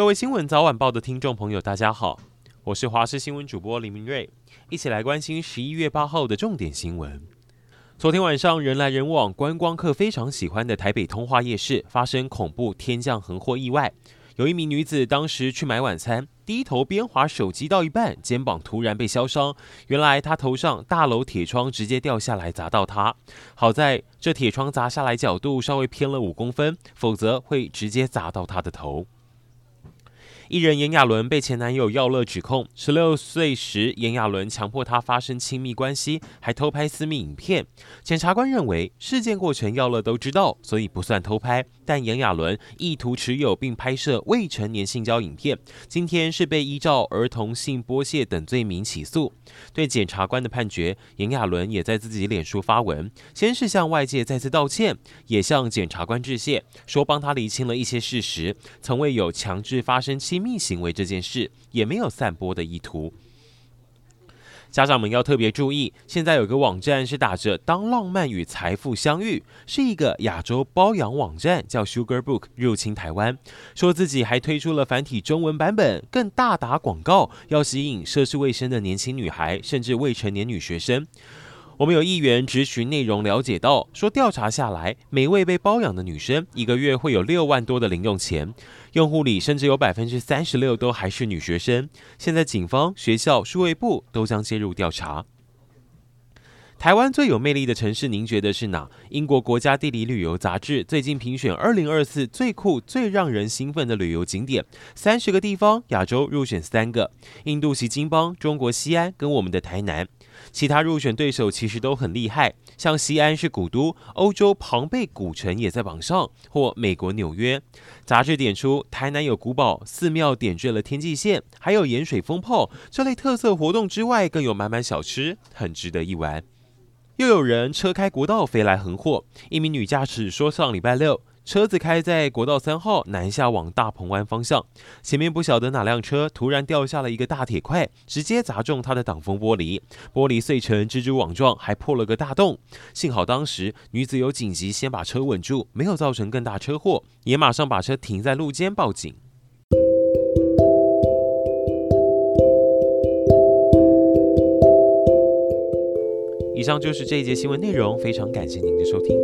各位《新聞早晚報》的聽眾朋友，大家好，我是華視新聞主播李明瑞，一起來關心十一月八號的重點新聞。昨天晚上人來人往，觀光客非常喜歡的台北通化夜市發生恐怖天降橫禍意外，有一名女子當時去買晚餐，低頭邊滑手機到一半，肩膀突然被削傷。原來她頭上大樓鐵窗直接掉下來砸到她，好在這鐵窗砸下來角度稍微偏了五公分，否則會直接砸到她的頭。藝人炎亞綸被前男友耀樂指控，十六歲時炎亞綸強迫他發生親密關係，還偷拍私密影片。檢察官認為事件過程耀樂都知道，所以不算偷拍，但炎亞綸意圖持有並拍攝未成年性交影片，今天是被依照兒童性剝削等罪名起訴。對檢察官的判決，炎亞綸也在自己臉書發文，先是向外界再次道歉，也向檢察官致謝，說幫他釐清了一些事實，從未有強制發生親。密行為，這件事也沒有散播的意圖。家長們要特別注意，現在有個網站是打着“當浪漫與財富相遇”，是一個亞洲包養網站，叫 Sugar Book 入侵台灣，說自己還推出了繁體中文版本，更大打廣告，要吸引涉世未深的年輕女孩，甚至未成年女學生。我們有議員質詢內容了解到，說調查下來，每位被包養的女生一個月會有六萬多的零用錢，用戶裡甚至有百分之三十六都還是女學生。現在警方、學校、數位部都將介入調查。台灣最有魅力的城市，您覺得是哪？英國國家地理旅遊雜誌最近評選二零二四最酷、最讓人興奮的旅遊景點，三十個地方，亞洲入選三個：印度錫金邦、中國西安，跟我們的台南。其他入選對手其實都很厲害，像西安是古都，歐洲龐貝古城也在榜上，或美國紐約。雜志點出，台南有古堡、寺廟點綴了天際線，還有鹽水蜂炮這類特色活動之外，更有滿滿小吃，很值得一玩。又有人車開國道飛來橫禍。一名女駕駛說，上禮拜六，車子開在國道三號南下往大鵬灣方向，前面不曉得哪輛車突然掉下了一個大鐵塊，直接砸中她的擋風玻璃，玻璃碎成蜘蛛網狀，還破了個大洞。幸好當時女子有緊急，先把車穩住，沒有造成更大車禍，也馬上把車停在路肩報警。以上就是這一節新聞內容，非常感謝您的收聽。